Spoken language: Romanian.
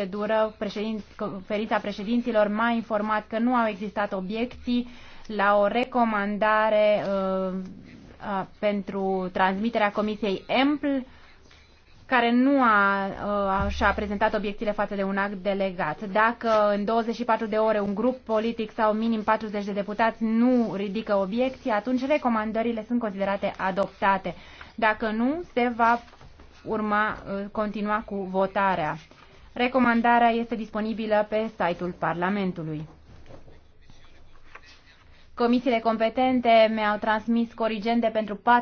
procedură, președin, conferința președinților m-a informat că nu au existat obiecții la o recomandare uh, uh, pentru transmiterea Comisiei EMPL, care nu a, uh, și-a prezentat obiecțiile față de un act delegat. Dacă în 24 de ore un grup politic sau minim 40 de deputați nu ridică obiecții, atunci recomandările sunt considerate adoptate. Dacă nu, se va urma, uh, continua cu votarea. Recomandarea este disponibilă pe site-ul Parlamentului. Comisiile competente mi-au transmis corigente pentru patru